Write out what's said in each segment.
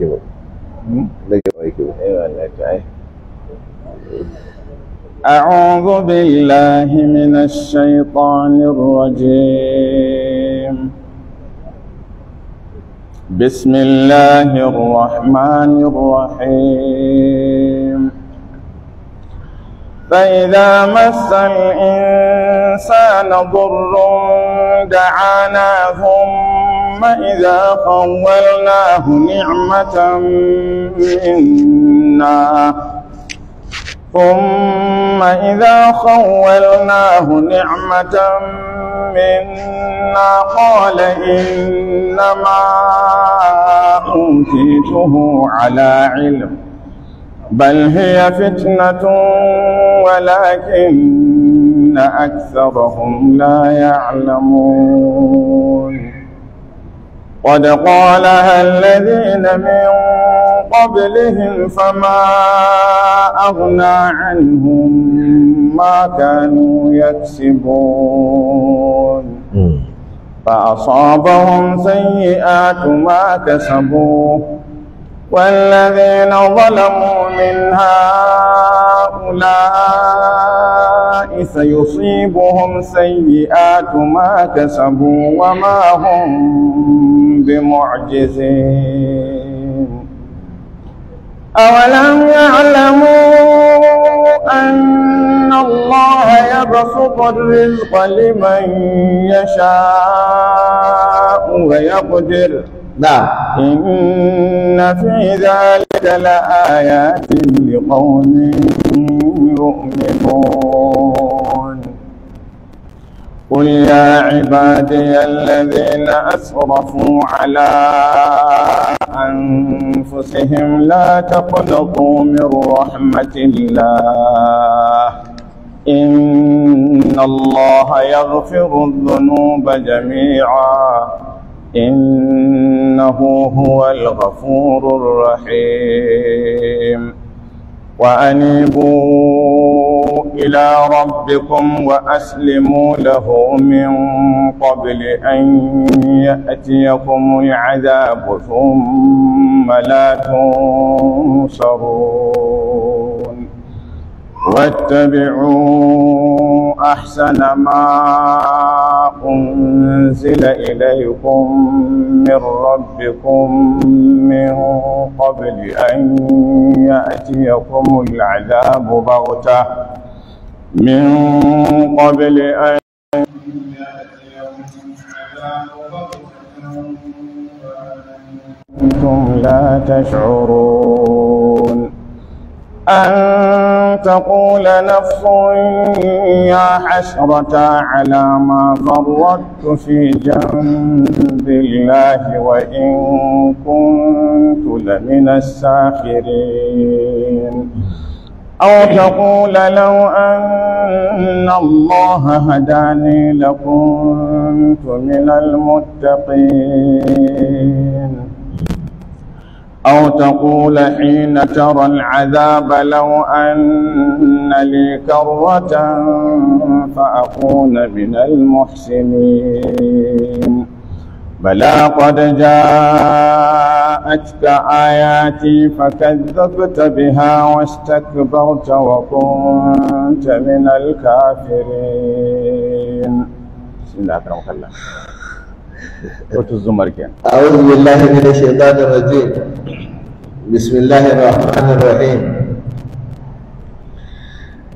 أيوة، أعوذ بالله من الشيطان الرجيم بسم الله الرحمن الرحيم فإذا مس الإنسان ضر دعانا هم ثم إذا خولناه نعمة منا ثم إذا خولناه نعمة منا قال إنما أوتيته على علم بل هي فتنة ولكن أكثرهم لا يعلمون قد قالها الذين من قبلهم فما أغنى عنهم ما كانوا يكسبون فأصابهم سيئات ما كسبوا والذين ظلموا من هؤلاء سيصيبهم سيئات ما كسبوا وما هم بمعجزين أولم يعلموا أن الله يبسط الرزق لمن يشاء ويقدر نعم إن في ذلك لآيات لقوم يؤمنون قل يا عبادي الذين أسرفوا على أنفسهم لا تقنطوا من رحمة الله إن الله يغفر الذنوب جميعا إنه هو الغفور الرحيم وأنيبوا إلى ربكم وأسلموا له من قبل أن يأتيكم العذاب ثم لا تنصرون واتبعوا أحسن ما أنزل إليكم من ربكم من قبل أن يأتيكم العذاب بغتة من قبل أن أنتم لا تشعرون أن تقول نفس يا حسرة على ما فرطت في جنب الله وإن كنت لمن الساخرين أو تقول لو أن الله هداني لكنت من المتقين أو تقول حين ترى العذاب لو أن لي كرة فأكون من المحسنين بلى قد جاءتك آياتي فكذبت بها واستكبرت وكنت من الكافرين بسم الله الرحمن الرحيم Sautu zumar kenan. A'udhu billahi minash shaitanir rajim. Bismillahir rahmanir rahim.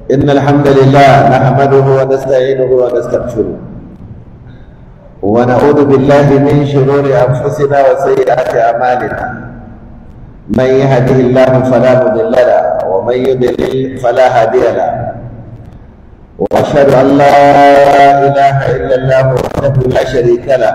إن الحمد لله نحمده ونستعينه ونستغفره ونعوذ بالله من شرور أنفسنا وسيئات أعمالنا من يهده الله فلا مضل له ومن يضلل فلا هادي له واشهد ان لا اله الا الله وحده لا شريك له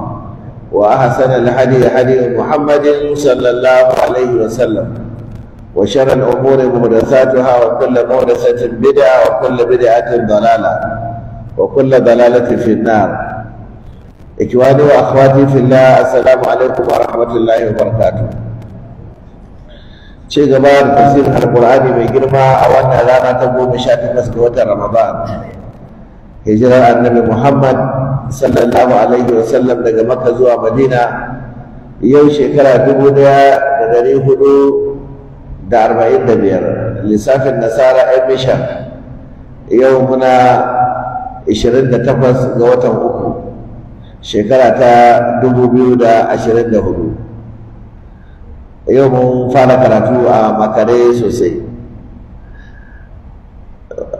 وأحسن الحديث حديث محمد صلى الله عليه وسلم وشر الأمور محدثاتها وكل محدثة بدعة وكل بدعة ضلالة وكل ضلالة في النار إخواني وأخواتي في الله السلام عليكم ورحمة الله وبركاته ci gaba da tafsirin alkur'ani mai girma a wannan rana ta goma sha takwas ga watan ramadan hijirar annabi muhammad sallallahu alaihi wasallam daga maka zuwa madina yau shekara dubu daya da dari hudu da arba'in da biyar lissafin nasara yan misha yau muna ishirin da takwas ga watan uku shekara ta dubu biyu da ashirin da hudu yau mun fara karatu a makare sosai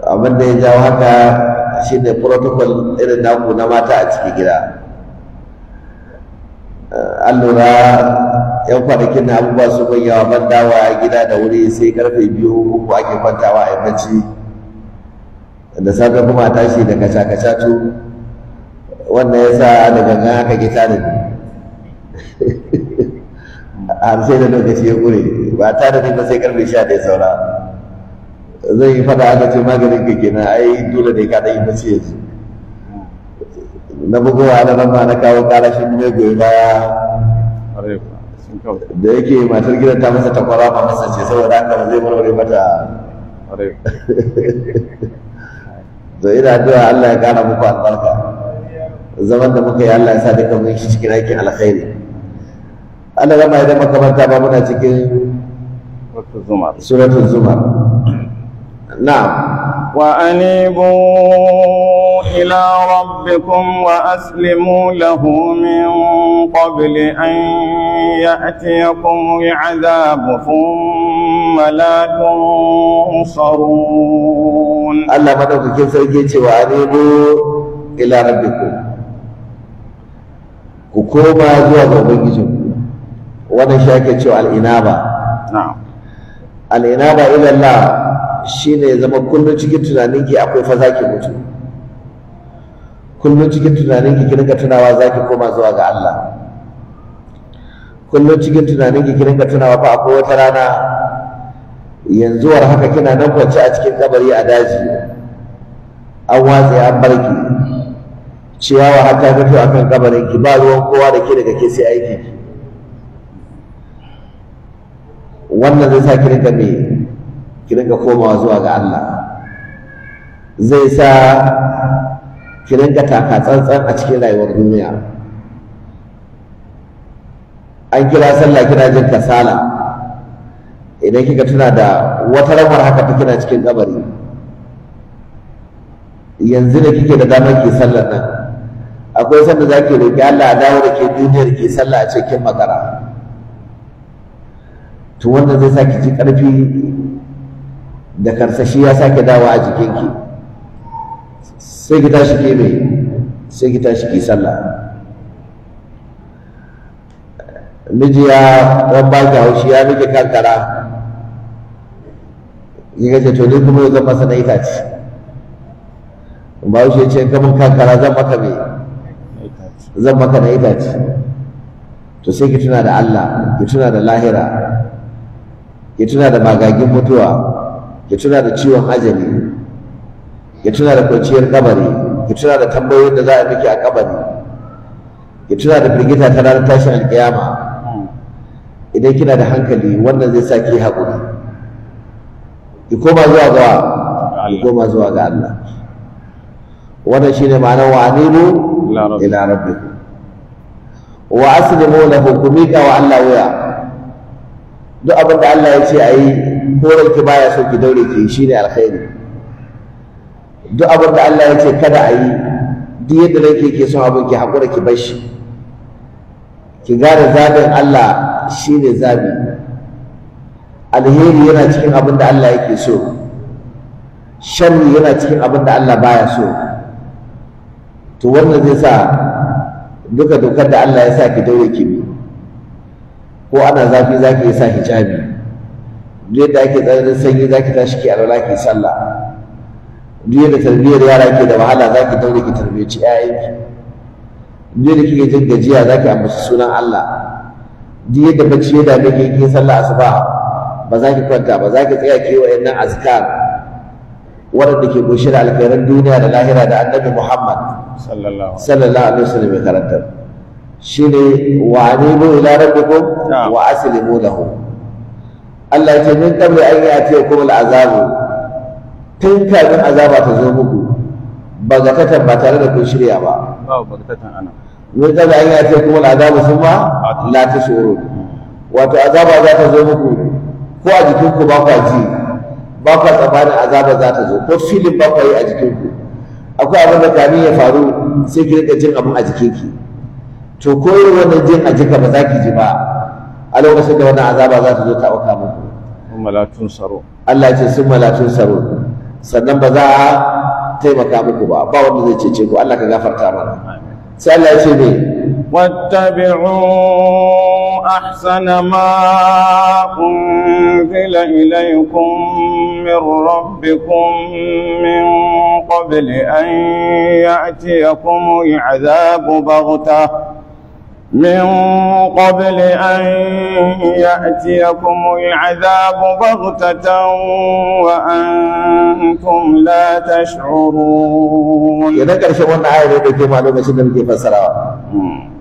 abin da ya jawo haka shi ne protocol irin namu na mata a cikin gida eh, an lura yan kwanakin na abubuwa su ban yawa ban dawa a gida da wuri sai karfe biyu uku ake kwantawa a yammaci da safe kuma a tashi da kaca-kacatu wannan ya sa da gangan aka ke tanin har sai da lokaci ya kure ba tanin ba sai karfe sha ɗaya saura zai yi fada aka ce maganin ka kenan ai dole ne ka yi bacci yanzu na bugowa na rama na kawo karashin ne goyi baya da yake matar gidan ta masa takwara ba masa ce saboda haka ba zai warware mata da ina addu'a Allah ya kara muku albarka zaman da muka yi Allah ya sa duka mun shi cikin aikin alkhairi Allah rama idan makamanta ba muna cikin suratul zumar نعم وأنيبوا إلى ربكم وأسلموا له من قبل أن يأتيكم العذاب ثم لا تنصرون الله مدعوك كيف سيجيتي وأنيبوا إلى ربكم كوكوما زوا بابنجيكم وانا شاكت الإنابة نعم الإنابة إلى الله shine ya zama kullum cikin tunanin ki akwai fa zaki mutu kullum cikin tunanin ki ki tunawa zaki koma zuwa ga Allah kullum cikin tunanin ki ki tunawa fa akwai wata rana yanzu war haka kina nan kwance a cikin kabari a daji an watse an barki ciyawa har ta fito akan kabarin ki ba ruwan kowa da ke daga ke sai aiki wannan zai sa ki rinka me ki dinga komawa zuwa ga Allah zai sa ki dinga taka tsantsan a cikin rayuwar duniya an kira sallah kina jin kasala idan kika tuna da wata ramar haka ta kina cikin kabari yanzu da kike da damar ki sallar nan akwai sanda za ki roƙi Allah a dawo da ke duniyar ki sallah a cikin makara to wannan zai sa ki ji ƙarfi da karsashi ya sake dawa a jikinki sai ki tashi ke mai sai ki tashi ki sallah miji ya ɗan ba ki haushi ya miki kankara ya gace to ni kuma zan masa na itace ba ya ce kamar kankara zan maka mai zan maka na itace to sai ki tuna da Allah ki tuna da lahira ki tuna da magagin mutuwa ya tuna da ciwon ajali ya tuna da kwanciyar kabari ya tuna da tambayoyin da za a miki a kabari ya tuna da firgita ta ranar tashin alkiyama idan kina da hankali wannan zai sa ki haƙuri ki koma zuwa ga ki koma zuwa ga Allah wannan shine ma'anar wa anibu ila rabbikum wa aslimu lahu kumika wa Allah wuya duk abin da Allah ya ce a yi ko ki baya so ki daure ki shi ne alkhairi duk abin da Allah ya ce kada a yi duk yadda ranki ke son abin ki haƙura ki bar shi ki gane zaɓin Allah shi ne zaɓi alheri yana cikin abin da Allah yake so sharri yana cikin abin da Allah baya so to wannan zai sa duka dokar da Allah ya sa ki daure ki bi ko ana zafi za ki sa hijabi duk yadda ake tsananin sanyi za ki tashi ki alwala ki sallah duk yadda tarbiyyar yara ke da wahala za ki daure ki tarbiyyaci 'ya'yanki duk yadda kike jin gajiya za ki ambaci sunan Allah duk yadda bacci ya dame ki kin sallah asuba ba za ki kwanta ba za ki tsaya ki wa'annan azkar waɗanda ke goshi da alkhairan duniya da lahira da annabi Muhammad sallallahu alaihi wasallam ya karantar Shi shine wa anibu ila rabbikum wa aslimu lahu Allah ya ce min qabli an ya'tiyakum al'azabu tun kafin azaba ta zo muku ba zakatan ba tare da kun shirya ba ba zakatan ana min qabli an ya'tiyakum al'azabu thumma la tashurun wato azaba za ta zo muku ko a jikinku ba kwa ji ba kwa tsammanin azaba za ta zo ko filin ba kwa yi a jikinku akwai abin da kamin ya faru sai ki rika jin abin a jikinki to koyar wannan jin a jika ba za ki ji ba a lokacin da wannan azaba za ta zo ta auka muku malatun saro Allah ce sun malatun tsaro. sannan ba za a taimaka muku ba ba wanda zai cece ku Allah ka gafarta mana sai Allah ya ce ne wattabi'u أحسن ما أنزل إليكم من ربكم من قبل أن يأتيكم العذاب بغتة من قبل أن يأتيكم العذاب بغتة وأنتم لا تشعرون إذا كان شيء وانا عايز يقول كيف معلومة شنو كيف سرعة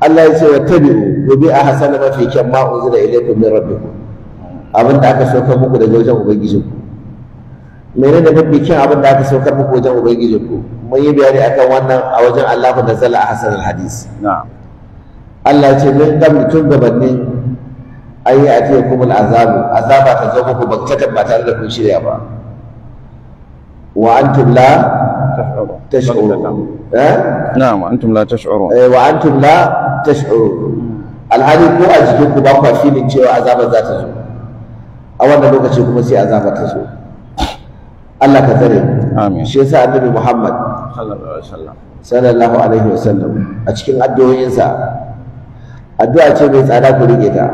الله يسوي اتبعوا وبيع حسن في كم أنزل إليكم من ربكم abin da aka saukar muku daga wajen ubangijinku mene da mafi kyan abin da aka saukar muku wajen ubangijinku mun yi bayani akan wannan a wajen Allah da zala a hasan al-hadis Allah ce min kam tun gabanni ayi atiyakum al'azabu azaba ta zo muku baktatan ba tare da kun shirya ba wa antum la tash'urun eh na'am antum la tash'urun eh wa antum la tash'urun alhali ko a jikin ku ba ku filin cewa azaba za ta zo a wannan lokaci kuma sai azaba ta zo Allah ka tsare amin shi yasa annabi Muhammad sallallahu alaihi wasallam sallallahu alaihi wasallam a cikin addu'o'insa addu'a ce mai tsada ku rike ta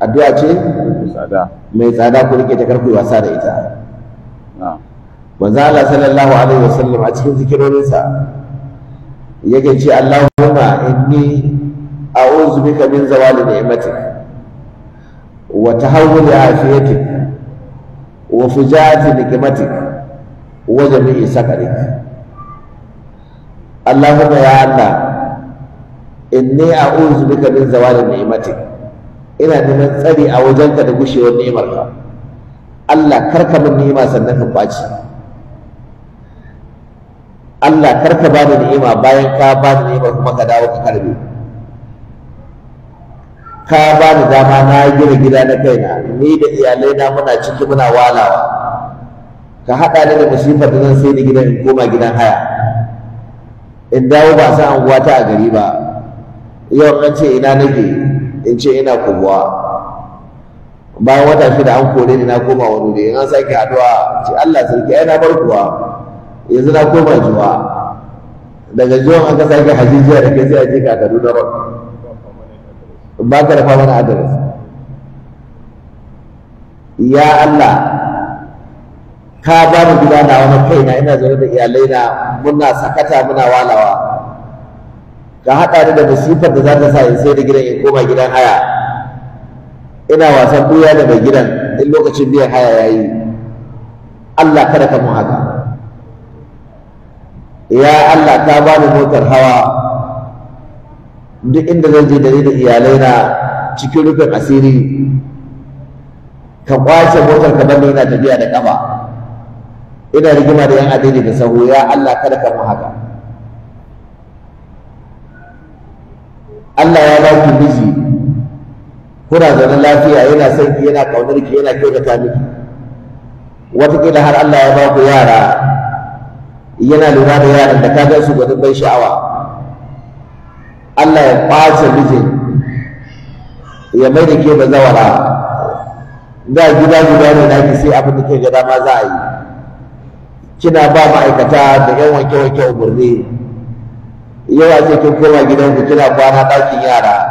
addu'a ce mai tsada ku rike ta kar wasa da ita manzo Allah sallallahu alaihi wasallam a cikin zikirorinsa yake ce Allahumma inni a'udhu bika min zawali ni'matik wa tahawuli afiyatik wa fujati nikmatik wa jami'i sakarik Allahumma ya Allah inni a'udhu bika min zawali ni'matik ina neman tsari a wajenka da gushewar ni'imarka Allah karka min ni'ima sannan ka kwaci Allah karka bani ni'ima bayan ka bani ni'ima kuma ka dawo ka karbe ka bani dama na gina gida na kaina ni da iyalai na muna ciki muna walawa ka haɗa ni da masifar da zan sai da gidan in koma gidan haya in dawo ba sa anguwata a gari ba yau an ce ina nake in ce ina kubuwa bayan wata shi da an kore ni na koma wani wuri an sake haduwa ce Allah sarki ai na bar kuwa yanzu na koma juwa daga juwan an ka sake hajijiya da kai sai a je ka Kaduna Road ba ka da mana adres. ya Allah ka ba mu gida na wani kaina ina zaune da iyalai na muna sakata muna walawa ka haɗa ni da masifar da za ta sa in sai da gidan in koma gidan haya ina wasan doya da mai gidan in lokacin biyan haya ya yi Allah kada ka mun haka ya Allah ta bani motar hawa duk inda zan je da ni da iyalaina cikin rufin asiri ka kwace motar ka bani yana tafiya da kafa ina rigima da yan adini da sahu ya Allah kada ka mun haka Allah ya ba ki miji kuna zaune lafiya yana son ki yana kaunar ki yana kyautata miki wataƙila har Allah ya ba ku yara yana lura da yaran da ka ga su gwanin ban sha'awa Allah ya ƙwace mijin ya mai da ke zawara. da gida gida ne naki sai abin da ke gada dama za a yi kina ba ma'aikata da yan wanke-wanke umarni yau a ce kin koma gidanku kina kwana ɗakin yara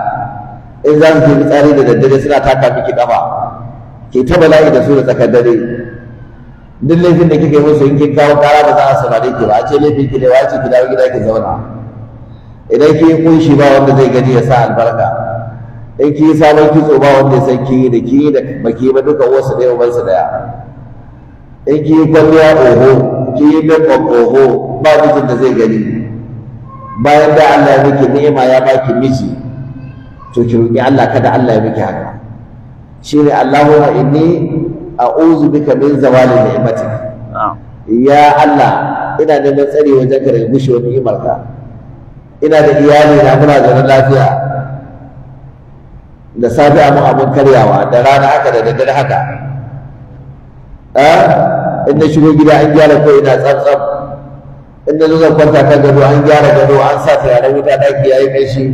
in za su je fitsari da daddare suna taka miki ƙafa. ke ta bala'i da su da tsakar dare duk laifin da kika yi musu in kin kawo kara ba za a saurare ki ba a ce laifin ki ne wa ce ki dawo gida ki zauna idan ki yi kunshi ba wanda zai gani ya sa albarka in ki yi sabon kitso ba wanda ya san ki yi da ki yi da baki ba duka wasu ɗaya uban su ɗaya in ki yi kwalliya oho ki yi makeup oho ba mijin da zai gani bayan da Allah ya miki ni'ima ya baki miji to ki roki Allah kada Allah ya miki haka shine Allahumma inni a'udhu bika min zawali ni'matik ya Allah ina da tsare wajen ka daga gushewar ka ina da iyali na muna zaune lafiya da safe a mun abin karyawa da rana haka da daddare haka ah, in na shigo gida an gyara ko ina tsantsan Inda zuwa kwanta kan gado an gyara gado an sa ta turaren wuta daki ya yi mai shi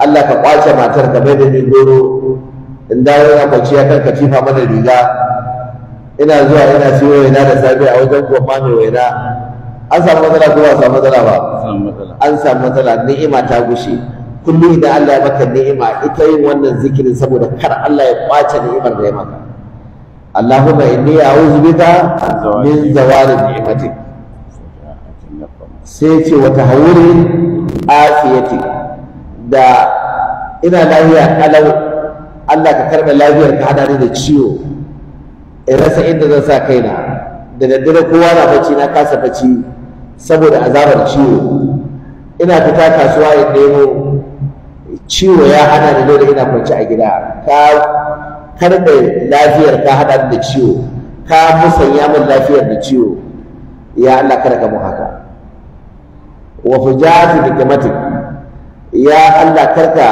Allah ka kwace matar ka mai da ni goro in dawo yana kwanciya kan katifa mana riga ina zuwa ina siyo waina da safe a wajen goma mami waina an samu matsala ko ba samu matsala ba an samu matsala ni'ima ta gushe kullum idan Allah ya maka ni'ima ita yin wannan zikirin saboda kar Allah ya kwace ni'imar da ya maka Allahumma inni a'udhu bika min zawali ni'matik sai ce wata hawuri afiyati da ina lafiya kalau Allah ka karɓe lafiyar ka hada ni da ciwo in rasa inda zan sa kai na. da daddare kowa na bacci na kasa bacci saboda azabar ciwo ina fita kasuwa in nemo ciwo ya hana ni dole ina kwanci a gida ka karɓe lafiyar ka hada ni da ciwo ka musanya min lafiyar da ciwo ya Allah kada ka mu haka wa fujati da kamatik ya Allah karka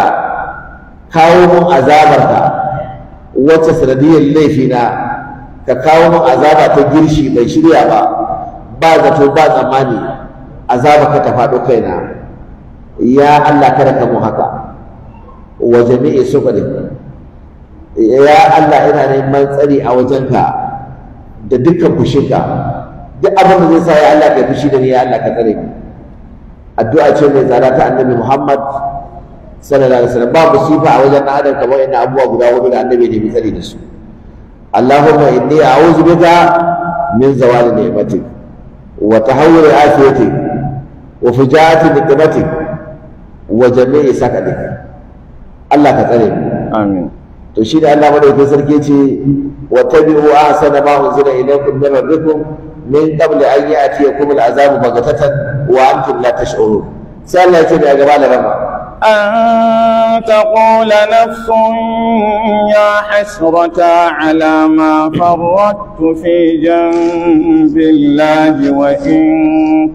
kawo mun azabarka wacce sanadiyar laifina ka kawo mun azaba ta girshi bai shirya ba ba zato ba tsammani azabarka ta faɗo kaina ya Allah karka mu haka wa jami'i sukarin ya Allah ina neman tsari a wajenka da dukkan fushinka duk abin da zai sa ya Allah ka fushi da ni ya Allah ka tsare ni addu'a ce mai tsada ta annabi Muhammad sallallahu alaihi wasallam ba musifa a wajen dan adam kamar inda abubuwa guda hudu da annabi ne misali da su Allahumma inni a'udhu bika min zawali ni'matik wa tahawwuri afiyatik wa fujaati nikmatik wa jami'i sakatik Allah ka tsare mu amin to shi da Allah madaukakin sarki ce wa tabi'u ahsana ma unzila ilaykum min rabbikum min qabli an ya'tiyakum al'azabu baghtatan wa antum la tash'urun sai Allah ya ce da gaba da rama أن تقول نفس يا حسرة على ما فرطت في جنب الله وإن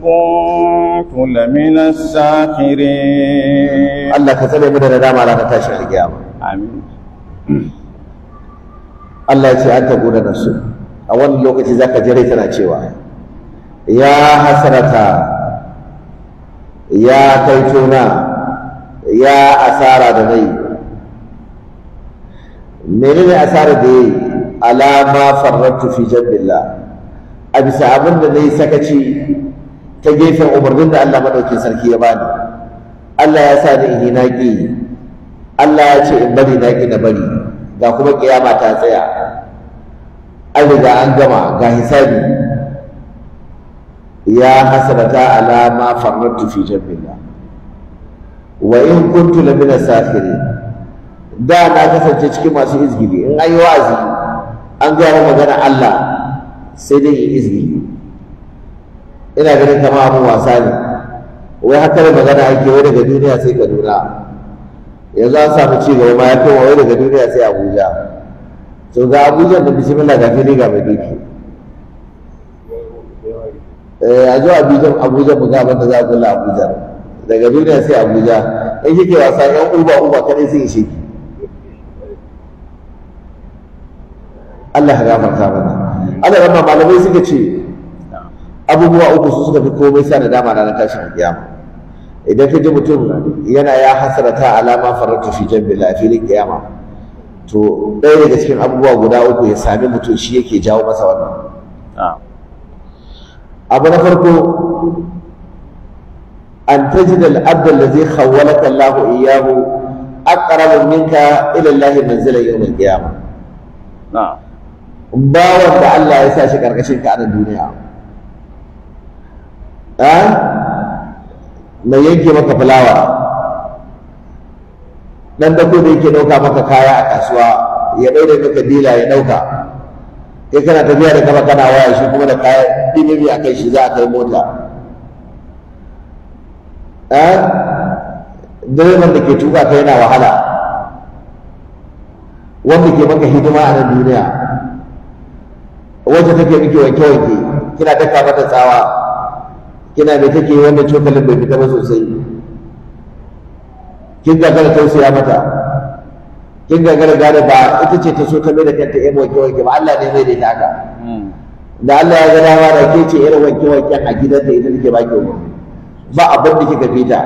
كنت لمن الساخرين الله كتب من الندام على نتاشر القيامة آمين الله يتي أن تقول نفس أول لوكتي ذاك جريتنا تشيوا يا حسرة ya kai tona ya asara da nai menene asara da yi alama farrattu fi a bisa abin da nai sakaci ta gefen umarnin da Allah madaukin sarki ya bani Allah ya sa ni in yi naki. Allah ya ce in bari naki na bari ga kuma ƙiyama ta tsaya an riga an gama ga hisabi ya hasrata ala ma farrattu fi jambillah wa in kuntu la min safirin da na kasance cikin masu izgili in an yi wa'azi an gaya magana Allah sai dai in izgili ina ganin kama abin wasa ne wai haka da magana ake wai daga duniya sai Kaduna yanzu an samu ci gaba ma ya wa wai daga duniya sai Abuja to ga Abuja da bismillah ga fili ga mai doki Eh, a zo abuja abuja mu ga da za a la abuja daga duniya sai abuja in kike wasa yan uba uba kadai sai ishe ki Allah ya gafarta mana Allah rabba malamai suka ce abubuwa uku su suka fi komai sa da dama ranar tashin kiyama idan ka ji mutum yana ya hasarata alama faratu fi jambil a filin kiyama to ɗaya daga cikin abubuwa guda uku ya sami mutum shi yake jawo masa wannan ah. abu na farko an da zai allazi khawwalaka Allah iyyahu aqrabu minka ila Allah manzila yawm al-qiyamah bawan da Allah ya sa shi ƙarƙashin ka a duniya mai yanke maka fulawa dan dako da yake ɗauka maka kaya a kasuwa ya daure maka dila ya ɗauka kai kana tafiya da kafa kana waya shi kuma da kayan ɗinibi a kai shi za a kai mota direban da ke tuka ka yana wahala wanda ke maka hidima a nan duniya wacce take miki wanke-wanke kina daka mata tsawa kina da take wanda cokalin bai fita ba sosai kin kana tausaya mata kin gagara gane ba ita ce ta so ta mai da kanta yan wanke wanke ba Allah ne mai da ta hmm. da Allah ya ga dama da ke ce irin wanke wanke a gidanta ita take baki ba abin da kika fita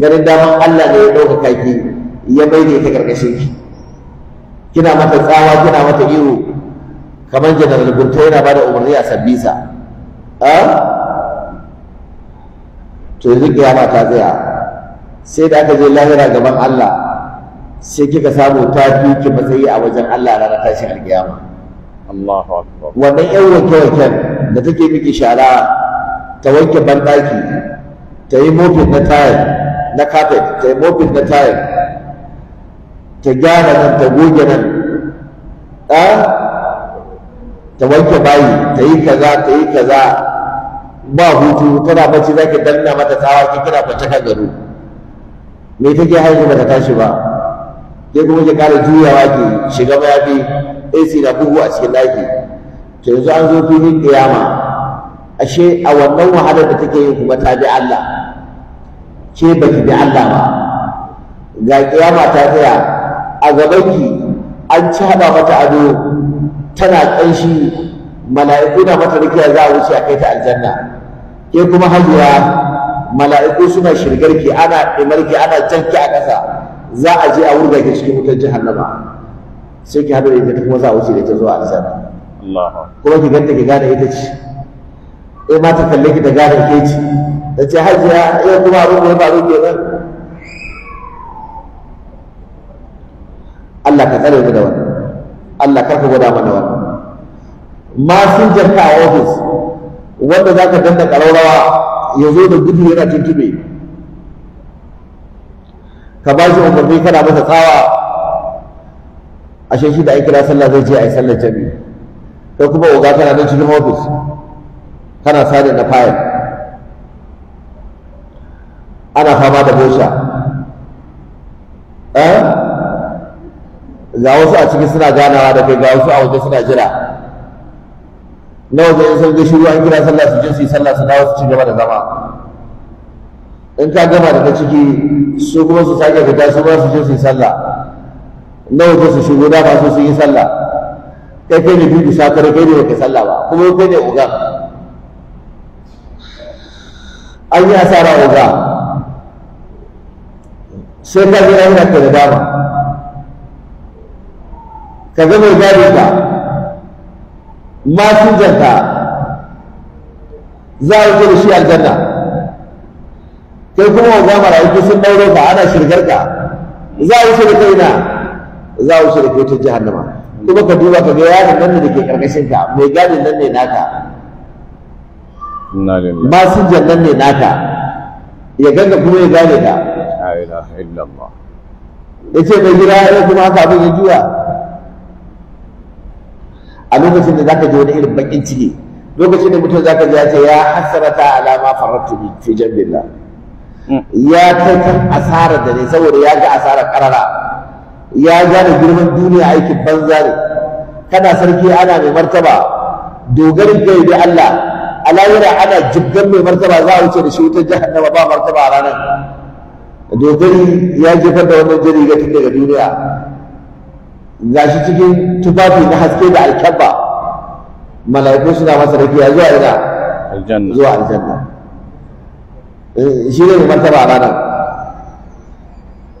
ganin daman Allah ne ya dauka kaki ya mai da ita karkashin ki kina mata tsawa kina mata ihu kamar janar gurto yana ba da umarni a sabbisa ah? to yanzu kiyama ta tsaya sai da aka je lahira gaban Allah sai kika samu ta fi ki matsayi a wajen Allah ranar tashin alkiyama Allahu akbar wannan yan wanke wanken da take miki shara ta wanke banɗaki ta yi mofin na tayar na carpet ta yi mofin na tayar ta gyara nan ta goge nan ta wanke bayi ta yi kaza ta yi kaza ba hutu tana bacci ki danna mata tsawa ki kira kwance kan gado me take haihu ta tashi ba dai kuma ke kara juyawa ke shiga mayafi AC na bugu a cikin ɗaki to yanzu an zo filin kiyama ashe a wannan wahalar da take yin kuma ta bi Allah ke ki bi Allah ba ga ƙiyama ta tsaya a ki, an haɗa mata ado tana ƙanshi mala'iku na mata rikiya za a wuce a kai ta aljanna ke kuma hajiya mala'iku suna ki, ana ɗimarki ana jan ki a ƙasa za a je a wurga ki cikin wutar jahannama sai ki haɗu da ita kuma za a wuce da ita zuwa aljanna kuma ki ganta ki gane ita ce eh ma ta kalle ki da gane ke ci, ta ce hajiya eh kuma abin da ya faru kenan Allah ka tsare mu da wannan Allah karka gwada mana wannan sun ka a ofis wanda za ka danna ƙararrawa ya zo da gudu yana tuntube ka ba shi umarni kana masa tsawa ashe shi da ai kira sallah zai je a yi sallar jami'i kai kuma oga tana nan cikin ofis kana sani na fayil ana fama da bosha eh ga wasu a cikin suna ganawa da kai ga wasu a waje suna jira na waje in sun ga shiru an kira sallah su je su yi sallah su dawo su ci gaba da zama in ka gama da ta ciki su kuma su sake fita su ba su je su yi sallah na waje su shigo da ba su su yi sallah kai kai ne bibi kare kai ne kai sallah ba kuma kai ne uga an yi asara uga sai ka ji yana ka da dama ka ga mai gadi ka masinjanta za a yi da shi aljanna kai kuma wa wanda marayu sun daure ka ana shirgar ka za a wuce da kai na za a wuce da kai ta jahannama kuma ka duba ka ga yaron nan ne da ke karkashin ka mai gadin nan ne naka masu jannan ne naka ya ganga kuma ya gane ka ya ce mai gida ya eh, kuma haka abin ya juya a lokacin da zaka ji wani irin bakin ciki lokacin da mutum zaka ji ya ce ya hasarata alama faratu fi jambillah ya kai kan asarar da ne saboda ya ga asarar karara ya gane girman duniya aikin banza ne kana sarki ana mai martaba dogarin kai da Allah alayyara ana jibgan mai martaba za a wuce da shi wutar jahannama ba martaba a ranar dogari ya jefar da wannan jari ga daga duniya ga shi cikin tufafi na haske da alkabba mala'iku suna masa rakiya zuwa ina zuwa aljanna Eh, shi ne martaba a ranar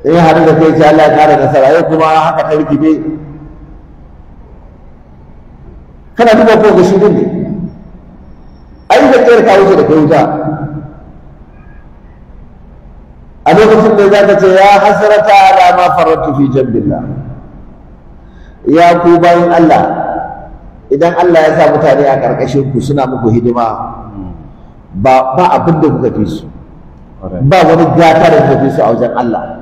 in har da kai ce Allah ya kare nasara yau kuma haka ta rikibe kana duba ko ga shi ne ai da kai ka wuce da kai wuta a lokacin da zaka ce ya hasrata ala ma farattu fi jannatillah ya ku bayin Allah idan Allah ya sa mutane a karkashin ku suna muku hidima ba abin da kuka fi su ba wani gata da fi su a wajen Allah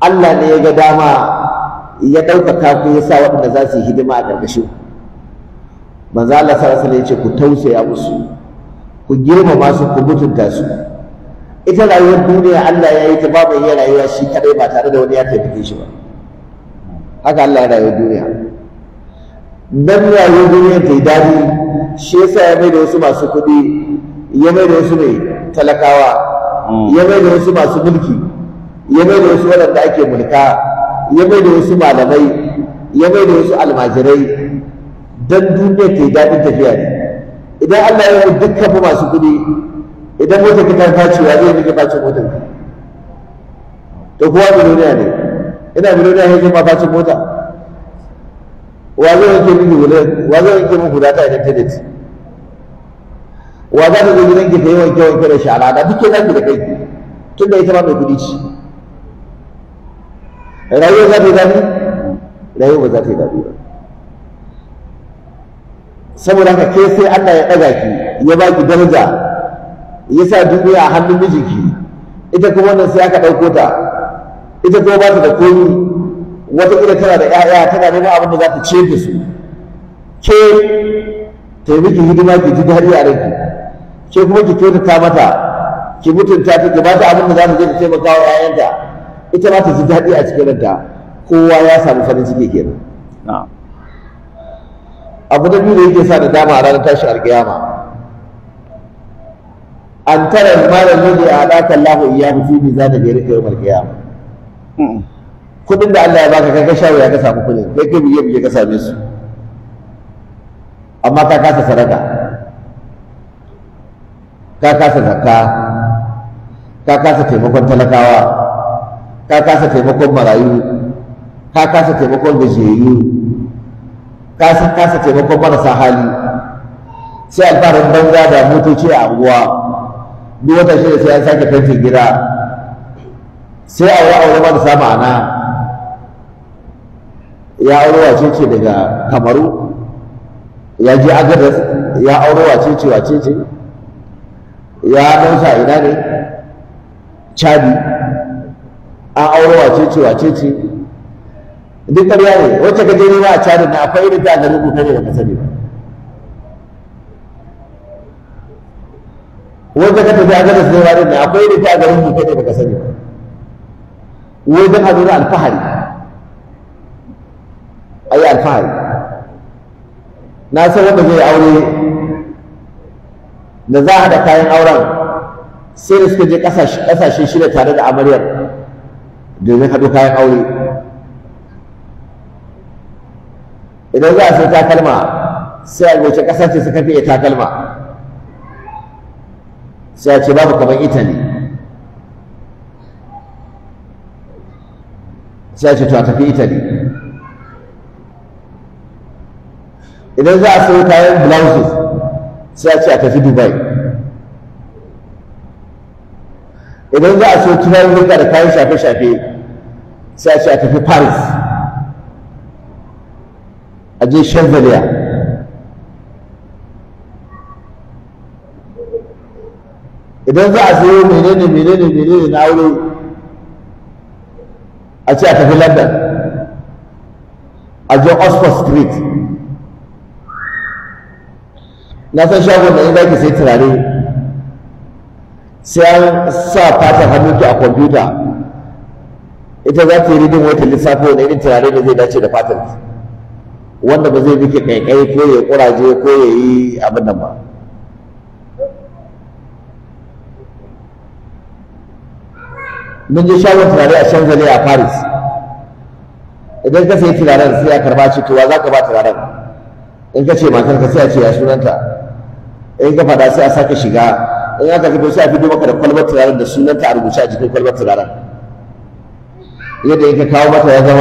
Allah ne ya ga dama ya ɗaukaka ku ya sa waɗanda za su yi hidima a ƙarƙashin manzo Allah sallallahu alaihi ya ce ku tausaya musu ku girmama su ku mutunta su ita rayuwar duniya Allah ya yi ta ba mai yin rayuwa shi kadai ba tare da wani ya taimake shi ba haka Allah ya rayuwar duniya dan rayuwar duniya ta yi daɗi shi yasa ya mai da wasu masu kuɗi ya mai da wasu mai talakawa ya mai da wasu masu mulki ya mai da wasu waɗanda ake mulka ya mai da wasu malamai ya mai da wasu almajirai don duniya ke daɗin tafiya ne idan Allah ya yi dukkan fi masu kuɗi idan motar ka ta facewa zai rike bacin motar ka to kowa miliyoniya ne ina miliyoniya ya ma bacin mota wa zai yake min hudata idan ta dace wa za ta zo gidan ki ta yi wanke wanke da shara da duke za ki da kai tun da ita ma mai kuɗi ci rayuwa za ta yi daɗi rayuwa ba za ta yi daɗi ba saboda haka ke sai Allah ya ɗaga ki ya ba ki daraja ya sa duniya a hannun mijinki ita kuma wannan sai aka ɗauko ta ita kuma ba ta da komi wata ita tana da 'ya'ya tana neman abin da za ta ce da su ke ta yi miki hidima ki ji daɗi a ranki ce kuma ki kyautata mata ki mutunta ta ki ba ta abin da za ta je ta taimaka wa 'ya'yanta ita ma ta ji daɗi a cikin ranta kowa ya samu farin ciki kenan abu na biyu da yake sa da dama a ranar tashi alƙiyama an tara malam ne da alaka Allah ya fi bi za da gari kai yawmal qiyama kudin da Allah ya baka kai ka shawo ya ka samu kudin kai kai biye biye ka same su amma ka kasa sadaka ka kasa zakka ka kasa taimakon talakawa ka kasa taimakon marayu ka kasa taimakon gajiyayyu ka kasa taimakon marasa hali sai alfarin banza da motoci a unguwa duk wata shida sai an sake fentin gida sai aure aure marasa ma'ana ya aure wace ce daga kamaru ya je agadar ya aure wace ce wace ce ya nausa ina ne chadi an aure wace ce wace ce duk ƙarya ne wacce ka je nema a chadi na akwai irin ta garin kuka ne da ka sani ba wacce ka tafi a garin su nema ne akwai irin ta garin kuka ne da ka sani ba wajen a alfahari a yi alfahari na san wanda zai aure da za a da kayan auren sai da suka je ƙasashe shida tare da amaryar domin haɗo kayan aure idan za a sai takalma sai a wace ƙasa ce suka fiye takalma sai a ce babu kamar italy sai a ce to a tafi italy idan za a sai kayan blouses sai a ce a tafi dubai idan za a so turarurruka da kayan shafe-shafe sai a ce a tafi paris a je shenzaliya idan za a sayo menene menene menene na aure a ce a tafi london a je oxford street na san shagon da in zaki sai turare sai an sa fatar hannunki a kwamfuta ita za ta yi ridin wata lissafi wani irin turare da zai dace da fatar wanda ba zai miki kaikai ko ya kuraje ko ya yi abin nan ba mun je shagon turare a zale a paris idan ka sayi turaren sai a karba cikowa za ka ba turaren in ka ce matar ka sai a ce ya sunanta in ka faɗa sai a sake shiga in aka fito sai a fito maka da kwalbar turaren da sunanta a rubuce a jikin kwalbar turaren yadda yake kawo mata ya zama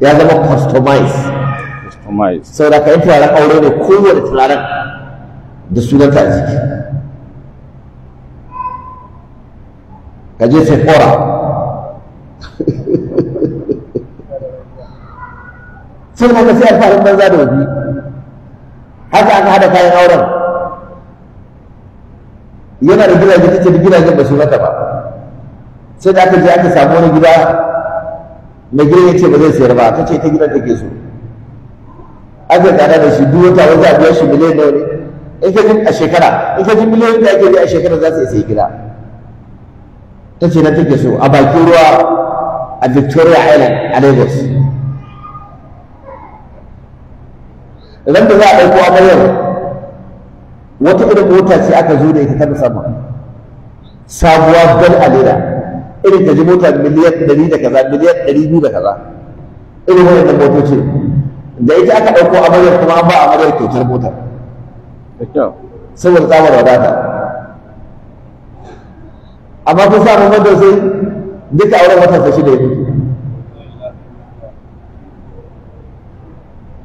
ya zama customize saboda ka yi turaren aure ne kowane turaren da sunanta a jiki ka je sephora sai ka sai alfaharin banza da wabi haka aka hada kayan auren yana da gidaje take da gidajen ba su mata ba sai da aka je aka samu wani gida mai gidan ya ce ba zai sayar ba ta ce ta gidan take so aka tsada da shi duk wata wata biyar shi miliyan da wani, in ka jin a shekara in ka jin miliyoyin da ake biya a shekara za su iya sayi gida ta ce na take so a bakin ruwa a victoria island a lagos ran da za a ɗauko amaryar wata irin mota ce aka zo da ita ta musamman sabuwa gal a lera irin ta ji mota miliyan ɗari da kaza miliyan ɗari biyu da kaza irin wani wannan motoci da ita aka ɗauko amaryar kuma an ba amaryar kyautar motar saboda tsawon wadata amma kun sa mun wanda sai duka auren watan fashi da ya mutu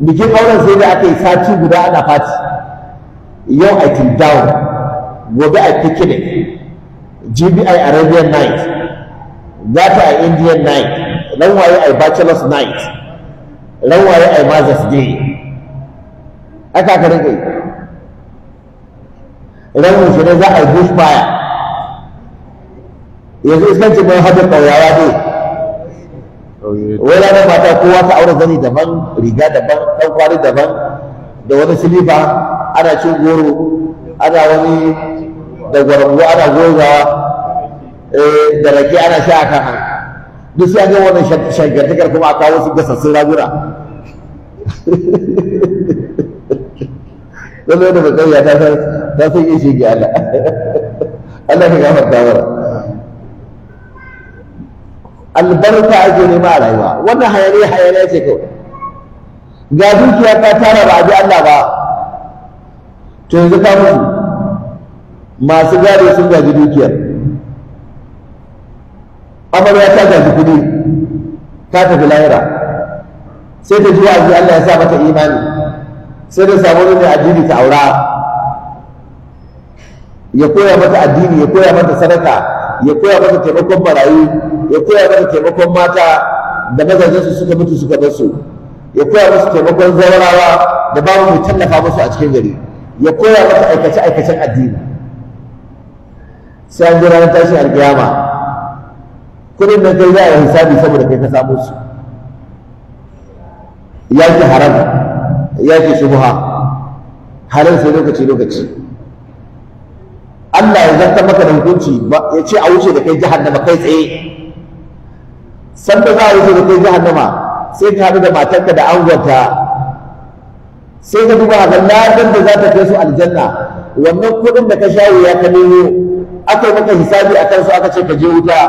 bikin auren sai da aka yi sati guda ana fati yau a dawo, gobe a picnic gbi arabian night gata a indian night ranwaye a bachelor's night ranwaye a mazas day aka ka rike ranwun shi ne za a yi bush fire yanzu iskancin mai haɗin ƙauyawa ne wai ranar mata kowa ta aure zani daban riga daban ɗan kwari daban da wani silifa ana cin goro ana wani da gwarango ana gogawa eh, da rake ana sha a kan duk sai ga wani shagartakar kuma a kawo su gasa gasassun raguna lallai da bakar ya ta san ta yin shi Allah Allah ka gafarta mana albarka ake nema a rayuwa wannan hayaniya hayaniya ce ko ga dukiya ta tara ba a ji Allah ba to yanzu ka mutu masu gado sun gaji dukiyar amarya ta gaji kudi ta tafi lahira sai ta ji wa'azi Allah ya sa mata imani sai da samu ne addini ta aura ya koya mata addini ya koya mata sadaka ya koya masa taimakon barayi ya koya masa taimakon mata da su suka mutu suka bar su ya koya masa taimakon zaurawa da babu mai tallafa musu a cikin gari ya koya masa aikace aikacen addini sai an jira ranar tashi alkiyama kudin da kai za a yi hisabi saboda kai ka samu su yaki haram yaki shubha halal sai lokaci lokaci Allah ya zartar maka da hukunci ya ce a wuce da kai jahannama kai tsaye sanda za a wuce da kai jahannama sai ka haɗu da matarka da angonta sai ka duba ga ladan da za ta kai su aljanna wannan kuɗin da ka shawo ya ka nemo aka yi maka hisabi a kansu aka ce ka je wuta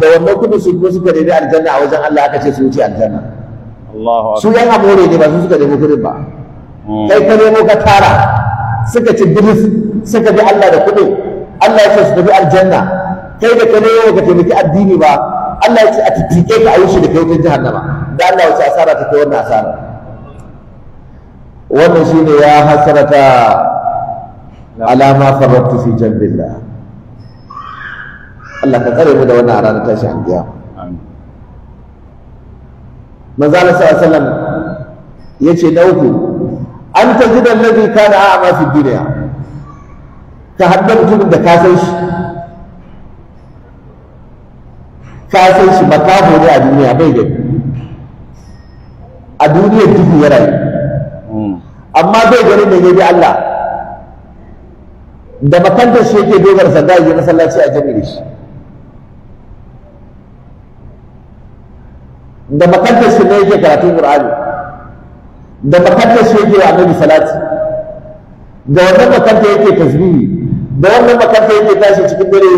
da wannan kuɗin su kuma suka nemi aljanna a wajen Allah aka ce su wuce aljanna su yan amore ne ba su suka nemi kuɗin ba hmm. kai ka nemo ka tara suka ci bilis suka bi Allah da kuɗin Allah ya ce su tafi aljanna kai da kai ne ka taimaki addini ba Allah ya ce a tittike ka a yi shi da kai wutar jahannama da Allah ya ce asara ta kai wannan asara wannan shine ya hasarata ala ma farrattu fi jambillah Allah ka tsare mu da wannan a ranar tashi an biya manzo Allah sallallahu alaihi wasallam yace na uku an tajida alladhi kana a'ma fi dunya ka haɗu da mutumin da ka san shi ka san shi makaho ne a duniya bai gani a duniyar duhu ya rayu amma bai gani da ya bi Allah da makantar shi yake dogara sanda ya masallaci a jami'in shi da makantar shi ne yake karatun Qur'ani da makantar shi yake annabi salati da wannan makantar yake tasbihi da wannan makarta yake tashi cikin dare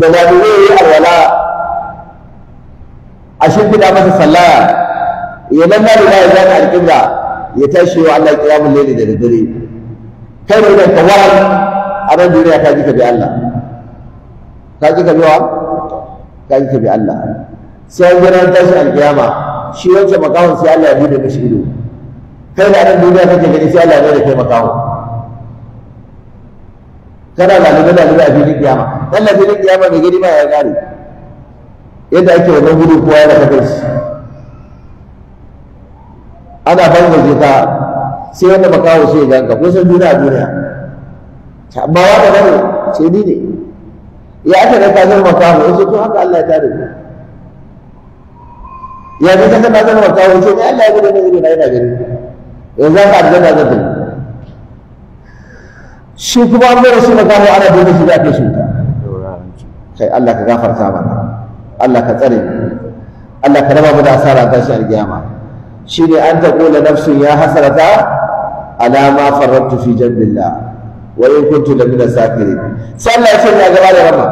da zaɓi ya yi alwala a shimfiɗa masa sallaya ya nan na riga ya zama alƙibla ya tashi wa Allah ƙiyamun laili da dare kai ne da tawar a nan duniya ka ji ka bi Allah ka ji ka bi wa ka ji ka bi Allah sai an gina tashi alƙiyama shi wancan makahon sai Allah ya bude mishi ido kai da nan duniya kake gani sai Allah ya da kai makahon kana zalunta zalunta a filin kiyama dan na filin kiyama mai gidi ma ya gane yadda ake wannan gudu kowa ya ta kai ana bangaje ta sai wanda kawo sai ya ka ko san juna a duniya ba wa ba ne ce ni ne ya aka da ka zama makawo yace to haka Allah ya tare ni ya ga ka zama makawo yace ne Allah ya gudu ne ne na ina gani yanzu ka da zan tafi Shin kuma an mai rasu makaho ana dole shi da ake shi kai Allah ka gafarta mana Allah ka tsare Allah ka raba mu da asara ta shi alkiyama shine an taqula nafsun ya hasarata ala ma farrattu fi jambillah wa in kuntu lamina sakirin sallah ce ya gaba da rama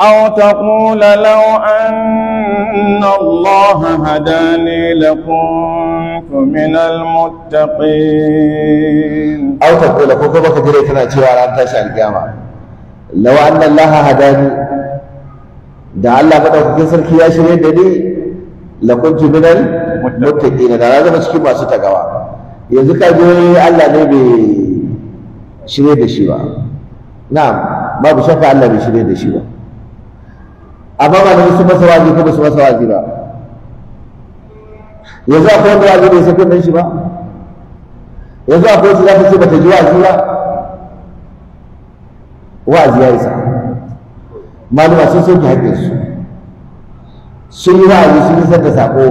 أو تقول لو أن الله هداني لكنت من المتقين أو تقول لك كما كثيرا كنا تشوى على تاشا القيامة لو أن الله هداني da Allah madaukakin sarki ya shirye da ni la kuntu minal muttaqin da na zama cikin masu tagawa yanzu ka je Allah ne bai shirye da shi ba na'am babu shakka Allah bai shirye da shi ba amma ba su masa waje ko ba su masa wazi ba yanzu akwai wanda wazi bai sai kun shi ba yanzu akwai wacce za ta ce bata ji wazi ba wazi ya isa malama sun sauke haƙƙin su sun yi wazi sun isar da saƙo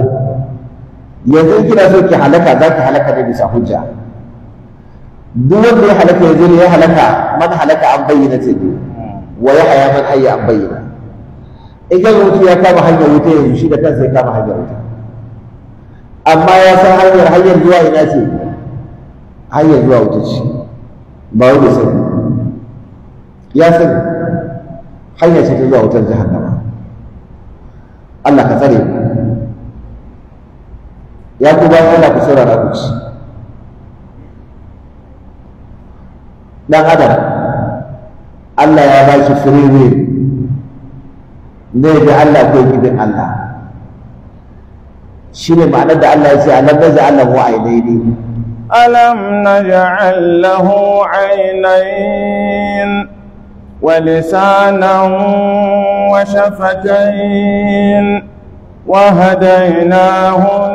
yanzu in kina so ki halaka za ki halaka da bisa hujja duk wanda ya halaka yanzu ne ya halaka man halaka an bayyana ce wa ya haya man hayya an bayyana idan mutum ya kama hanyar wuta yanzu shi da kansa ya kama hanyar wuta amma ya san hanyar hanyar zuwa ina ce hanyar zuwa wuta ce ba wanda sani ya sani hanyar ce ta zuwa wutar jahannama Allah ka tsare ya ku bayan Allah ku saurara ku ci dan adam Allah ya ba shi free will zai bi Allah ko ya bin Allah shi ne ma'anar da Allah ya ce alam na ja'al lahu ainaini alam na ja'al lahu ainain wa lisanan wa shafatain wa hadainahu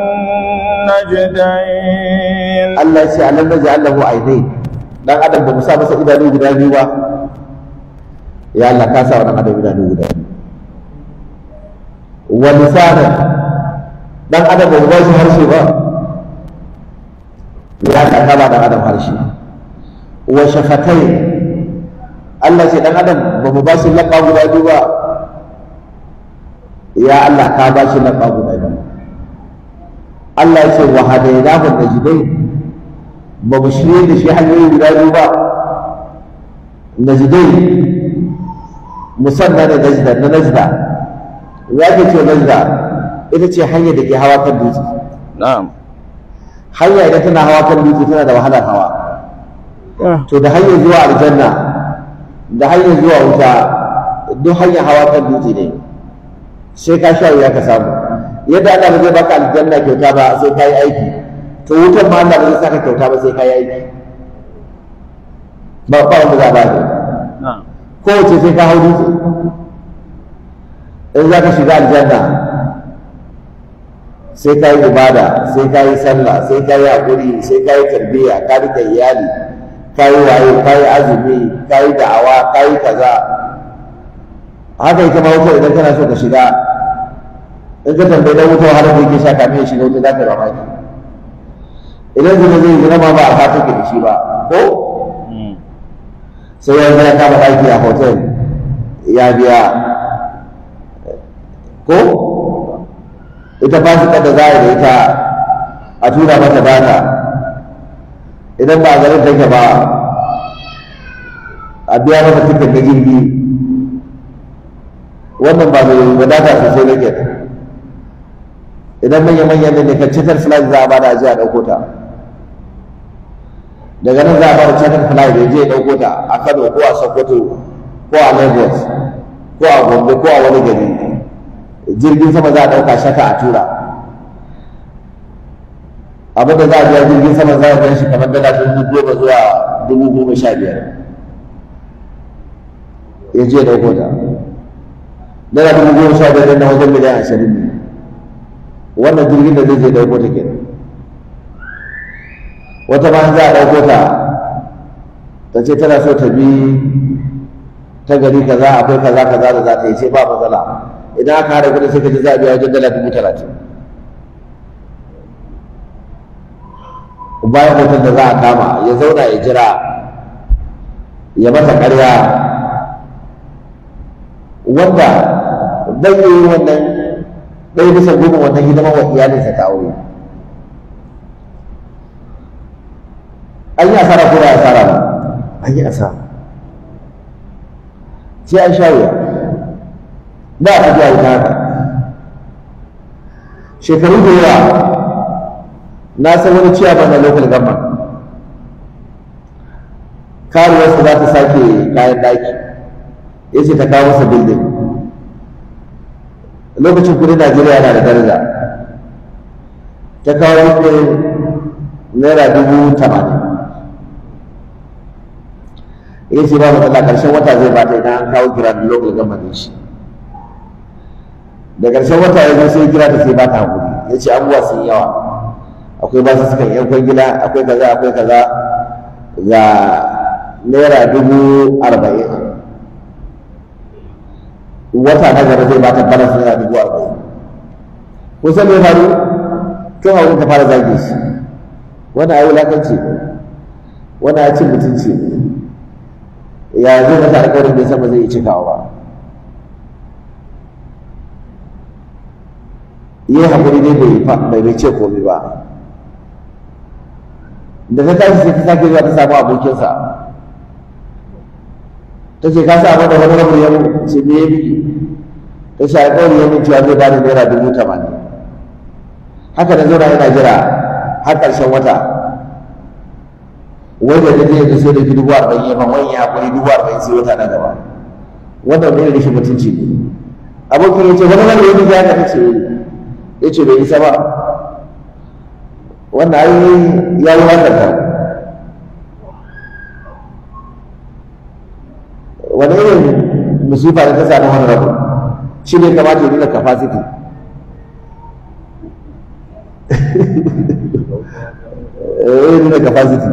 najdain Allah ya ce alam Allah ja'al lahu ainain dan adam ba mu sa masa idanu guda biyu ba ya Allah ka sa wa dan adam idanu guda biyu wa lisanan dan adam ba shi harshe ba ya tsaka ba dan adam harshe wa shafatai Allah ce dan adam ba mu ba shi laƙa guda biyu ba ya Allah ka ba shi laƙa guda biyu Allah ya ce wa hadainahu najdai ba mu shirye da shi hanyoyi guda biyu ba najdai musanna da najda na najda ya ke ce nazda ita ce hanyar da ke hawa kan dutse na'am hanya idan tana hawa kan dutse tana da wahalar hawa ah. to da hanyar zuwa aljanna da hanyar zuwa wuta duk hanyar hawa kan dutse ne sai ka sha wuya ka samu yadda Allah ba zai baka aljanna kyauta ba sai ka yi aiki to wutar ma Allah ba zai saka kyauta ba sai ka yi aiki ba ba wanda za ba ne kowace sai ka hau dutse in za ka shiga aljanna sai ka yi ibada sai ka yi sallah sai ka yi haƙuri sai ka yi tarbiyya ka da iyali ka yi waye ka yi azumi ka yi da'awa ka yi kaza haka ita ma wuta idan kana so ka shiga in ka tambayi dan wuta har da yake sha ka mai shiga wuta za ka yi mamaki idan zai zai zina ma ba a fata ka da shi ba ko hmm. sai ya zai kama ɗaki a hotel ya biya ko ita su kada za a yi ta a tura mata data idan ba a garin take ba a biya mata tiket na jirgi wannan ba mai wadata sosai na kenan idan manya-manyan ne ka cikin flag za a ba da ajiya ɗauko ta daga nan za a ba da cikin flag da je ɗauko ta a kano ko a sokoto ko a lagos ko a gombe ko a wani gari jirgin sama za a ɗauka shaka a tura abin da za a biya jirgin sama za a biya shi kamar dala dubu goma zuwa dubu goma sha biyar ya je da ta dala dubu goma sha biyar na wajen miliyan ashirin ne wannan jirgin da zai je da ta ke wata ma za a ɗauko ta ta ce tana so ta bi ta gari kaza akwai kaza kaza da za ta yi ce ba matsala idan aka hada kuɗin sai ka ji za a biya wajen dala dubu talatin bayan hoton da za a kama ya zauna ya jira ya masa ƙarya wanda bai yi wannan ɗaya bisa goma wannan hidima wa iyalinsa ta aure an yi asara ko ba asara ba an yi asara sai an sha wuya ba a ji ita haka shekaru da yawa na san wani ciya ba na local government su za ta sake kayan daki ya ce ta kawo masa bildin lokacin kudin najeriya na da daraja ta kawo bildin naira dubu tamanin ya ce ba matsala ƙarshen wata zai ba ta idan an kawo giran local government shi da ƙarshen wata ya zo sai kira ta sai ba ta hakuri ya ce abubuwa sun yawa akwai ba su suka yankon kwangila akwai kaza akwai kaza ga naira dubu arba'in wata na gaba zai ba ta su naira dubu arba'in Kusan san faru tun a wurin ta fara zage shi wani a wulakanci wannan a cin mutunci ya zai mata alƙawarin da ya san ba zai iya cikawa ba yi haƙuri dai bai bai ce komai ba da ta tashi sai ta sake zuwa ta samu abokinsa ta ce ka sa abin da wani rabu ya mu ce me ya biki ta ce a ya 'yamin cewa zai ba naira dubu tamanin haka da zauna yana jira har ƙarshen wata wanda ta je ta sai da dubu arba'in ya ban wani ya kuri dubu arba'in sai wata na gaba wannan ne da rashin mutunci ne abokin ya ce wani wanda ya biki ya ta ce ya ce bai isa ba wanda ainihin ya wulakanta wani irin musufa da ta sami wani rabu shi ne kamata eh, ya nuna capacity ya nuna capacity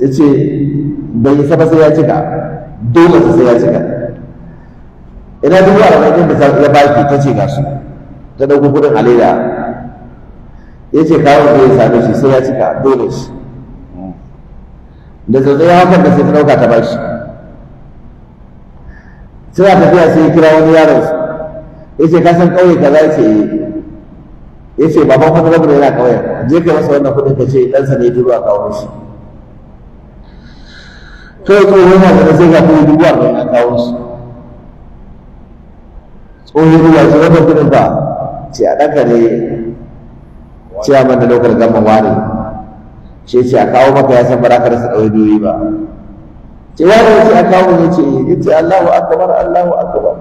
ya ce bai saba sai ya cika dole sai ya cika ina dubu arba'in da ya baki ta ce ga su ta ɗauko kudin a ya ce kawo ko ya same shi sai ya cika dole shi da ya hakan da sai ta dauka ta shi suna tafiya sai ya kira wani yaron su ya ce ka san ka kaza ya ce ya ce baban wani rabu yana ƙauyen je ka masa wannan kudin ka ce ɗansa ne duro a kawo shi kawai kawai yana da sai ga kuɗi dubu arba'in a kawo shi tsohi ruwa ce wata kudin ba, ce a ɗaka ne ce a mana lokal gama wani ce ce a kawo maka ya san ba za ka rasa ɗaure doyi ba ce wani ce a kawo ne ce ya ce allahu akbar allahu akbar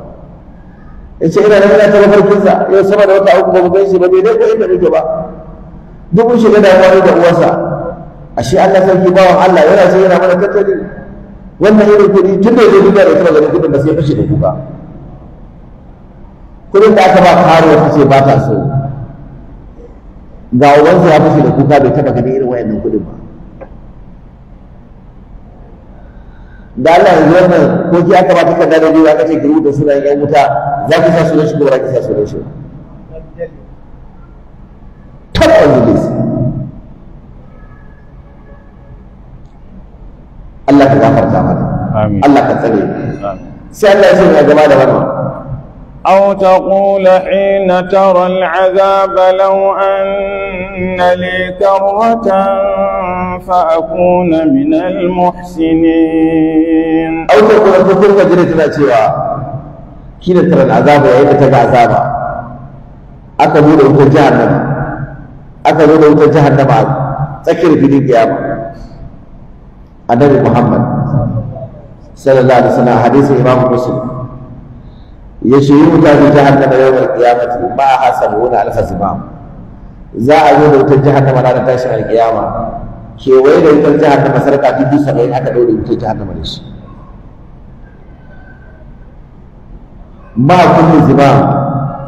ya ce ina da ina ta mafarkinsa yau sama da wata uku ba mu gaishe ba ne dai ko inda muke ba duk shi shiga da wani da uwarsa ashe Allah sarki bawan Allah yana ce yana mana tattali wannan irin kuɗi tun da ya zo duniya da ya ba ganin kuɗin ba sai fashe da kuka kudin da aka ba karuwa wata ce ba ta so ga wanzu ya fashe da kuka bai taba gani irin wayannan kudin ba da Allah ya zuwa nan ko ki aka ba takarda da biyu aka ce ki rubuta sunan yan wuta za ki sa sunan shi ko ba ki sa sunan shi ba yanzu Allah ka gafarta mata Allah ka tsare sai Allah ya ce ya gaba da wannan أو تقول حين ترى العذاب لو أن لي كرة فأكون من المحسنين أو تقول تقول مجرد نتيرا حين ترى العذاب وعين تجا عذابا أكبر أنت جهنم أكبر أنت جهنم tsakiyar filin kiyama annabi muhammad sallallahu alaihi wasallam hadisin imamu muslim yace yuta bi jahannama yawmal ba a hasabuna wani khazimam za a zo da wutar jahannama da tashin alkiyama kewaye da wutar jahannama sarka dubu saba'in aka daure wutar jahannama da shi Ba ma kullu zimam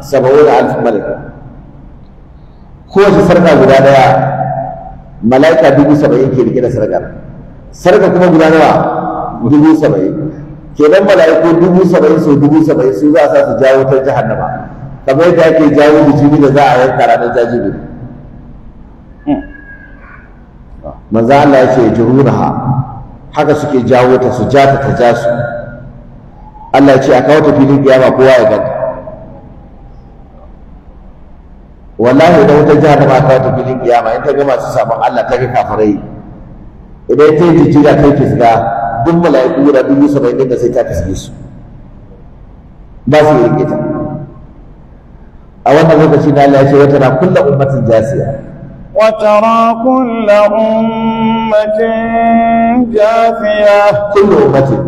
saba'una alf malaka kowace sarka guda daya mala'ika dubu saba'in ke rike da sarkar sarka kuma guda nawa dubu saba'in kenan mala'iku dubu saba'in sau dubu saba'in su za a sa su jawo ta jahannama kamar yadda ake jawo bijimi da za a yanka ranar jajibi manzo Allah ya ce ha, haka suke jawo ta su jata ta ta ja su Allah ya ce a kawo ta filin kiyama kowa ya ganta wallahi idan ba jahannama kawo ta filin kiyama in ta gama su sabon Allah ta ga kafarai. idan ta yi jijjiga kai fisga duk mala'iku guda dubu saba'in din da sai ta kasance su ba su yi rike ta a wannan lokaci na Allah ya ce wata na kulla ummatin jasiya وترى kulla ummatin jasiya. كل ummatin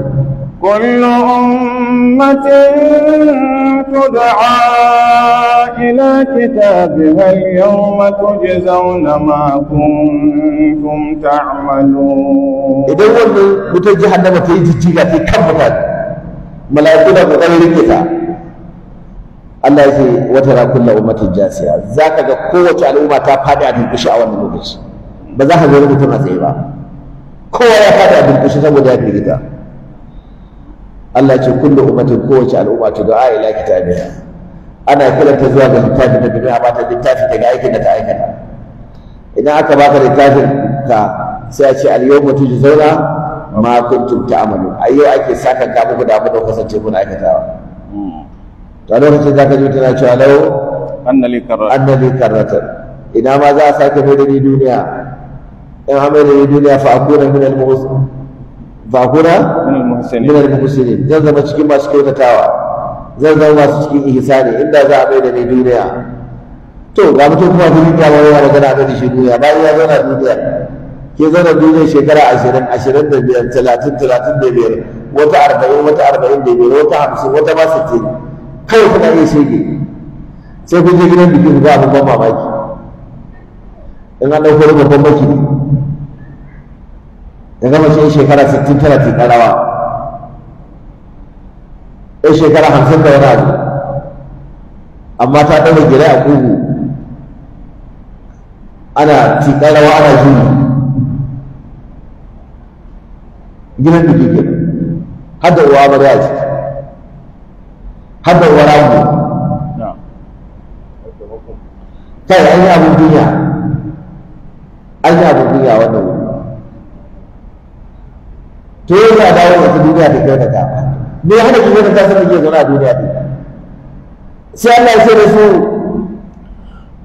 كل أمة تدعى إلى كتابها اليوم تجزون ما كنتم تعملون إذا wannan متجه أنما ta yi jijjiga ta kan mutane mala'iku da Allah ya wata kullu ummatin jasiya zaka ga kowace al'umma ta fadi a dinkushi a wannan lokaci ba za ka ga mutum a tsaye ba kowa ya fadi a dinkushi saboda ya firgita Allah ce kullu ummatin kowace al'umma ta du'a ila kitabiha ana kiranta zuwa ga littafin da bibi ba ta littafin daga aikin da ta aikata idan aka baka littafin ka sai a ce al-yawma tujzauna ma kuntum ta'malu ayyo ake saka ka muku da abin da kasance kuna aikatawa to a lokacin da ka ji tana cewa lau annali karratan annali karrata ina ma za a sake mai da duniya in amai da duniya fa akuna min al-muhsin fa akuna muhsinin minal muhsinin zan zama cikin masu kyautatawa zan zama masu cikin ihsani inda za a maida ni duniya to ga mutum kuma yi ya wani wani gana da shi duniya bayan ya zauna duniya ke zauna duniya shekara ashirin ashirin da biyar talatin talatin da biyar wata arba'in wata arba'in da biyar wata hamsin wata ba sittin kawai kuna iya shege sai kun je gidan bikin ga abin ban mamaki in an ɗauko babban maki ne ya gama shi shekara sittin tana tiƙarawa ɗan shekara hamsin da wani abu amma ta ɗaga gida a kugu ana tiƙar rawa ana juyi gina duki gina har da uwa amarya a ciki har da uwa ramu kai an yi abin duniya an yi abin duniya wannan wuri to yau za a dawo wata duniya ta kyautata me hana ki wata tasar da ke zaune a duniya ne sai Allah ya ce da su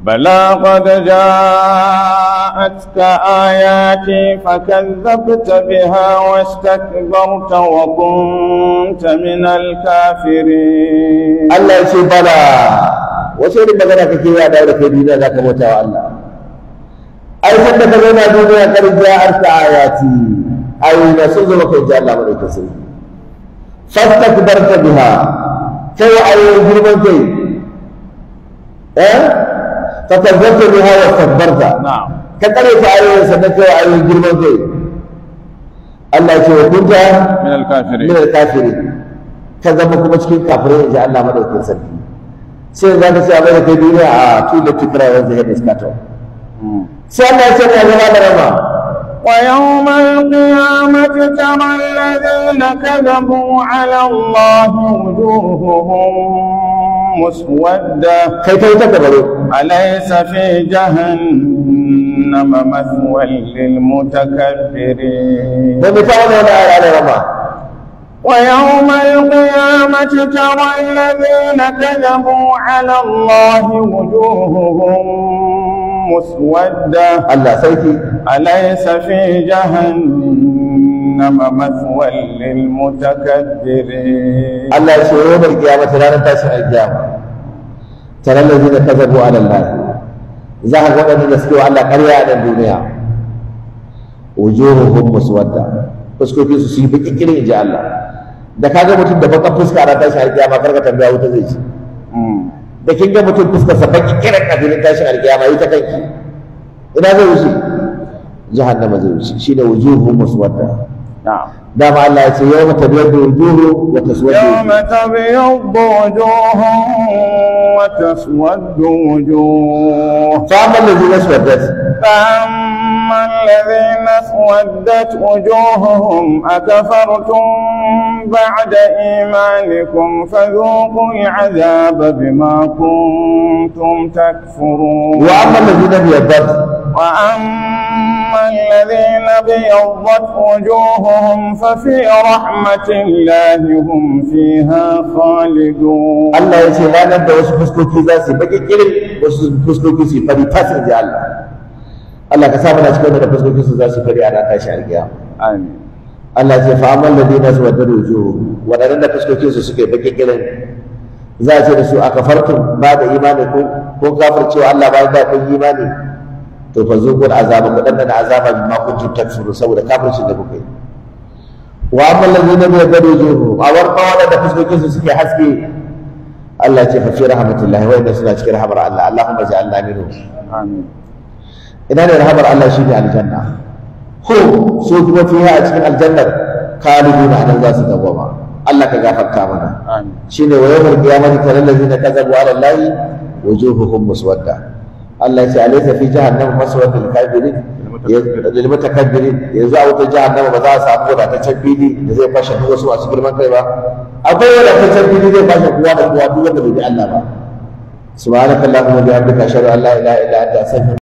bala qad ja'atka ayati biha wastakbarta wa kunta min al-kafirin Allah ya ce bala wace irin magana kake ya dawo da kai duniya zaka bauta wa Allah ai sanda ka zauna duniya kar ja'atka ayati ayoyi na sun zama kai ji Allah madaukakin sarki fastakbarta biha kai wa ayoyin girman kai eh fastakbarta biha wa na'am ka kare ta ayoyin sannan kai wa ayoyin girman kai Allah ya ce wa kunta min al-kafirin min al-kafirin ka zama kuma cikin kafirai inji Allah madaukakin sarki sai za ka ce a da kai duniya a tu da tukra yanzu ya iska sai Allah ya ce ya zama da rama ويوم القيامة ترى الذين كذبوا على الله وجوههم مسودة كيف أليس في جهنم مثوى للمتكبرين ويوم القيامة ترى الذين كذبوا على الله وجوههم مُسْوَدًّا Allah sarki alaysa fi jahannama mathwal lil mutakabbirin Allah shiro bil qiyamati ranar tashi aljama taral ladina kazabu ala Allah za ka wadanda da suke wa Allah ƙarya a dan duniya wujuhuhum muswadda fuskoki su su yi bikin kirin ji da kaga mutum da baka fuska ranar tashi aljama karka tambaya wuta zai ci da kin ga mutum fuskarsa baki kiran a filin tashin alkiyama yi ta kanki ina zai wuce jahannama zai wuce shine wujuhu muswadda na'am dama Allah ya ce yawma tabyaddu wujuhu wa taswaddu yawma tabyaddu wujuhu wa taswaddu wujuh fa amma alladhina aswaddat fa أما الذين اسودت وجوههم أكفرتم بعد إيمانكم فذوقوا العذاب بما كنتم تكفرون وأما الذين ابيضت وأما الذين ابيضت وجوههم ففي رحمة الله هم فيها خالدون الله يسير لا نبدأ وسفسكوكي ذا سيبكي كيري وسفسكوكي سيبكي تاسر الله Allah ka sa mana cikin da fuskokin su za su fari a tashi alƙiyama amin Allah ce fa amal ladina su wadda rujuhu wadannan da fuskokin su suke baki kiran za a ce da su a kafartum ba da imani ko ko kafircewa Allah ba da kun imani to fa zuqul azaba ku danna azaba bima kuntum takfuru saboda kafircin da kuka yi wa amal ladina bi wadda rujuhu a warqa da fuskokin su suke haske Allah ce fa fi rahmatillahi wa inna suna cikin rahmar Allah Allahumma ja'alna minhum amin ina ne rahamar Allah shi ne aljanna ko so kuma fiha a cikin aljannar kaliduna nan za su dawwama Allah ka gafarta mana Shi ne shine wa yawmal qiyamati taral ladina kazabu ala allahi wujuhuhum muswadda Allah ya ce alaysa fi jahannam maswadul kafirin lil mutakabbirin yanzu a wata jahannam ba za a samu wadataccen fili da zai fashe duk wasu masu girman kai ba akwai wadataccen fili zai fashe kowa da kowa duk wanda bai bi Allah ba subhanakallahumma wa bihamdika ashhadu an la ilaha illa anta astaghfiruka